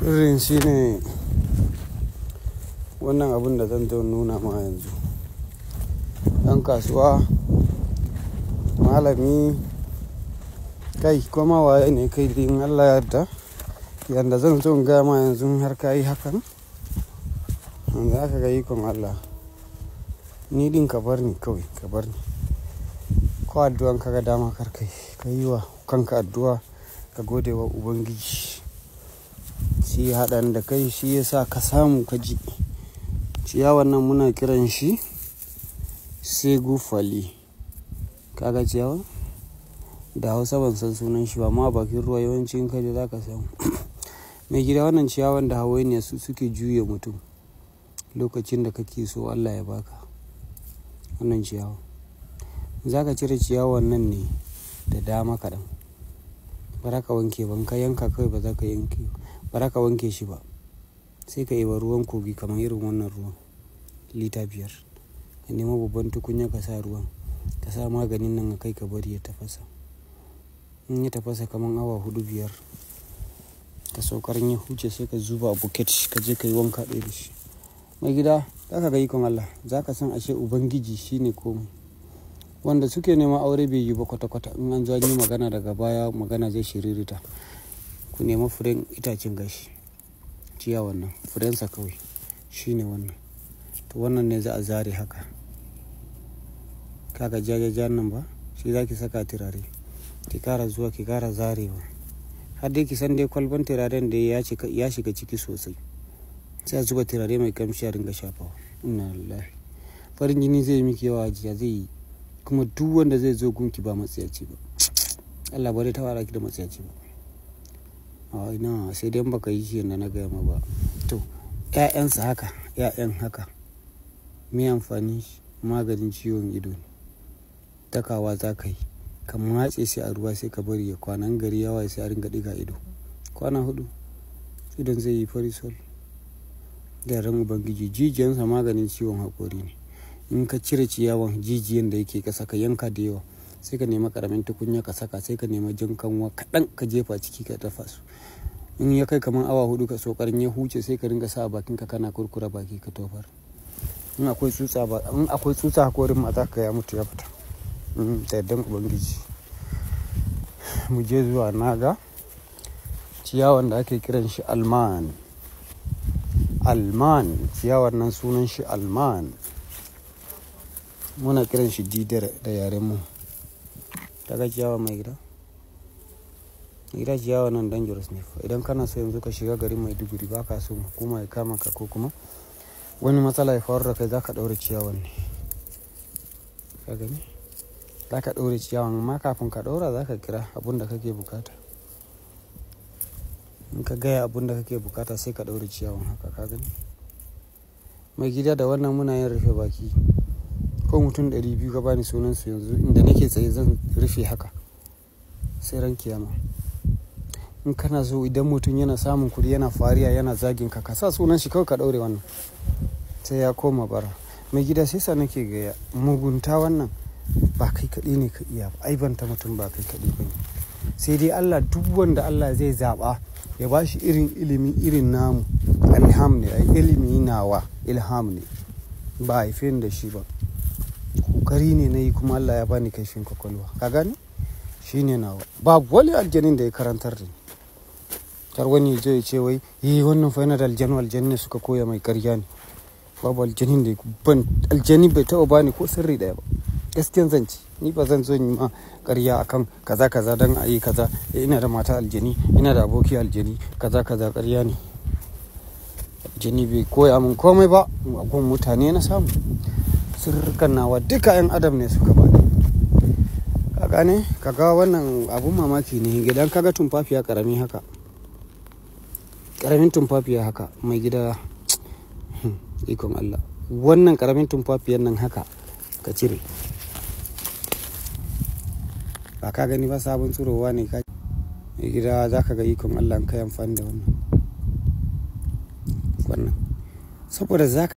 sirrin shine wannan abin da zan nuna ma yanzu ɗan kasuwa malami kai kuma waye ne kai din allah yadda yadda zan zo gaya ma yanzu har ka yi hakan yanzu aka ga ikon allah ni din ka bar ni kawai ka bar ni ko addu'an ka ga dama kar ka yi wa kanka addu'a ka gode wa ubangiji shi haɗan da kai shi ya sa ka samu ka ji ciyawan nan muna kiran shi segu fali kaga ciyawa da hausa ban san sunan shi ba ma bakin ruwa yawancin kaji za ka samu mai gida wannan ciyawan da ne su suke juya mutum lokacin da kake so allah ya baka wannan ciyawa za ka cire ciyawan nan ne da dama kaɗan ba za ka wanke ban ka yanka kawai ba za ka yanke ba ba za ka wanke shi ba sai ka yi ba ruwan kogi kamar irin wannan ruwan lita biyar ka nemo babban tukunya ka sa ruwan ka sa maganin nan kai ka bari ya tafasa in ya tafasa kamar awa hudu biyar ka saukar ya huce sai ka zuba a buket ka je ka yi wanka ɗaya da shi mai gida za ka ga ikon Allah za ka san ashe ubangiji shine komai wanda suke neman aure bai yi ba kwata-kwata in an zo an yi magana daga baya magana zai shiririta ku nemi furen itacen gashi ciya wannan furensa kawai shine wannan to wannan ne za a zare haka kaga jajaja nan ba shi za ki saka turare ki kara zuwa ki kara zarewa har dai ki san dai kwalban turaren da ya shiga ciki sosai sai a zuba turare mai kamshi a ringa shafawa ina lillahi farin jini zai yi miki yawa jiya zai yi kuma duk wanda zai zo gunki ba matsayaci ba Allah bare ta wara ki da matsayaci ba a ina sai dai baka yi kenan na gaya ma ba to ƴaƴansa haka ƴaƴan haka me amfani maganin ciwon ido takawa za ka yi ka matse sai a ruwa sai ka bari ya kwanan gari yawa sai a ringa diga ido kwana hudu idan zai yi fari farisol da ran ubangiji jijiyansa maganin ciwon haƙori ne in ka cire ciyawan jijiyan da yake ƙasa ka yanka da yawa sai ka nema karamin tukunya ka saka sai ka nema jin kanwa kaɗan ka jefa ciki ka dafa su in ya kai kamar awa hudu ka sokarin ya huce sai ka ringa sa bakin ka kana kurkura baki ka tofar in akwai tsutsa ba in akwai tsutsa hakorin mata ka ya mutu ya fita mm, da yardan ubangiji mu je zuwa naga ciyawan da ake kiran shi alman alman ciyawan nan sunan shi alman muna kiran shi didar da yaren mu ta ga ciyawa mai gida gida ciyawa nan dangerous ne idan kana so yanzu ka shiga garin duguri ba ka so hukuma ya kama ka ko kuma wani matsala ya faru da kai za ka ɗaure ciyawan ne ka gani za ka ɗaure ciyawan amma kafin ka ɗaura za ka kira abin da kake bukata in ka gaya abin da kake bukata sai ka ɗaure ciyawan haka ka gani mai gida da wannan muna yin rufe baki ko mutum ɗari biyu ka bani sunansu yanzu inda nake tsaye zan rufe haka sai ran kiyama in kana so idan mutum yana samun kuri yana fariya yana zagin ka ka sa sunan shi kawai ka ɗaure wannan sai ya koma bara mai gida sai sa nake gaya mugunta wannan ba kai kaɗai ne ka iya ba ta mutum ba kai kaɗai ba ne sai dai allah duk wanda allah zai zaɓa ya ba shi irin ilimi irin namu ilham ne ilimi nawa ilham ne ba haife da shi ba kokari ne na yi kuma Allah ya bani kaifin kwakwalwa ka gani shi ne nawa ba wani aljanin da ya karantar da kar wani ya ya ce wai yi eh, wannan fa da aljanu aljanin ne suka koya mai karya ne babu aljanin da ban aljani bai taba bani ko sirri daya ba gaskiyan zance ni ba zan zo yi ma karya akan kaza kaza dan a yi kaza eh, ina da mata aljani ina da aboki aljani kaza kaza karya ne jini bai koya min komai ba a mutane na samu sirrukan nawa duka 'yan adam ne suka ba ka gane kaga wannan abun mamaki ne gidan kaga tumfafiya karami haka karamin tumfafiya haka mai gida ikon Allah wannan karamin tumfafiyan nan haka ka cire ba ka gani ba sabon tsurowa ne ka gida za ka ga ikon Allah kayan fanda amfani da wannan wannan saboda za ka.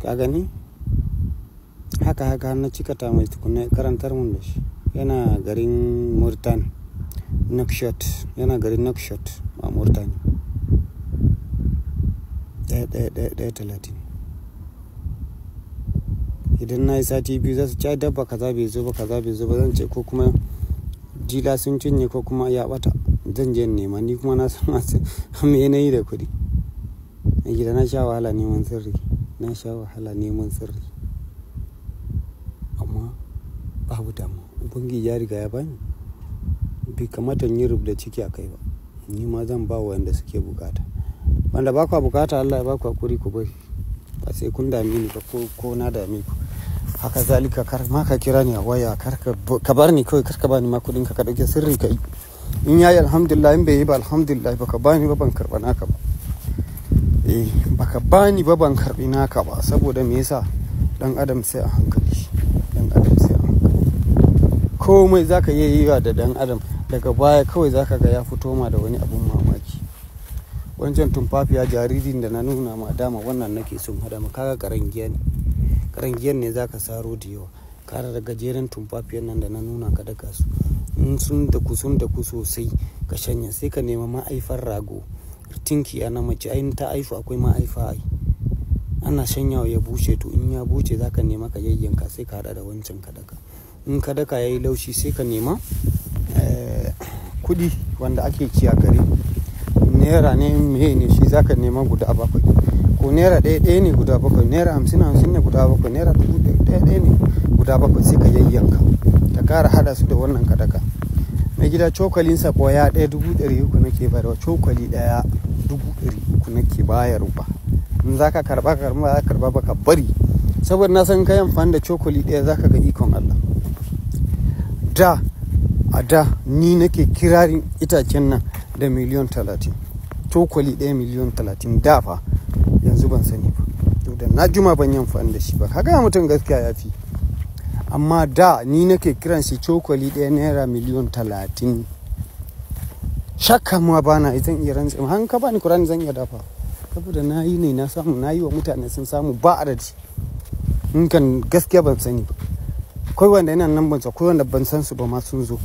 ka gani haka haka na cikata mai tukunai karantar mun da shi yana garin murtani nakshot yana garin nakshot a murtani ɗaya talatin idan na yi sati biyu za su ci dabba kaza bai zo ba kaza bai zo ba zan ce ko kuma jila sun cinye ko kuma ya bata zan je nema ni kuma na san masu me yanayi da kuɗi a gida na sha wahala neman sirri na sha wahala neman sirri amma babu damu ubangiji ya riga ya bani bai kamata in yi rubda ciki a kai ba ni ma zan ba wanda suke bukata wanda ba kwa bukata Allah ya ba kwa kuri ku bai ba sai kun dami ni ba ko na dami ku haka zalika kar ma ka kira ni a waya kar ka bar ni kawai kar ka bani ma kudin ka ka dauke sirri yi in yayi alhamdulillah in bai yi ba alhamdulillah ba ka bani ba ban karba naka ba eh baka bani ba ban karbi naka ba saboda me yasa dan adam sai a hankali dan adam sai a hankali komai zaka yi yiwa da dan adam daga baya kawai zaka ga ya fito ma da wani abun mamaki wancan tumfafiya jaririn da na nuna ma dama wannan nake son hada ma kaga karangiya ne karangiyan ne zaka saro da yawa kara da gajeren tumfafiyan nan da na nuna ka daga su sun da ku da ku sosai ka shanya sai ka nema ma'aifar rago ya na mace ainihin ta aifu akwai ma'aifa ai ana shanyawa ya bushe to in ya bushe ka nema ka yayyanka sai ka hada da wancan daka in ya yi laushi sai ka nema eh, kudi wanda ake kiya gare naira ne mai ne shi za ka nema guda bakwai ko naira ɗaya ɗaya ne guda bakwai naira hamsin hamsin ne guda bakwai naira dubu ɗaya ɗaya ne guda bakwai sai ka yayyanka ka kara hada su da wannan daka mai gida cokalinsa ya ɗaya dubu ɗari uku nake bayarwa cokali ɗaya dubu ɗari uku nake bayarwa in za ka karɓa karɓa ka karɓa ba ka bari saboda na san kayan amfani da cokali ɗaya za ka ga ikon Allah da a da ni nake kirarin itacen nan da miliyon talatin cokali ɗaya miliyon talatin da fa yanzu ban sani ba to da na juma ban yi amfani da shi ba kaga mutum gaskiya ya fi amma da ni nake kiran shi cokali ɗaya naira miliyon talatin shakka ma bana eh, zan iya rantse ma ka bani kurani zan iya dafa saboda na yi ne na samu na yi wa mutane sun samu ba daji in kan gaskiya ban sani ba akwai wanda yana nan ban kai wanda ban san su ba ma sun zo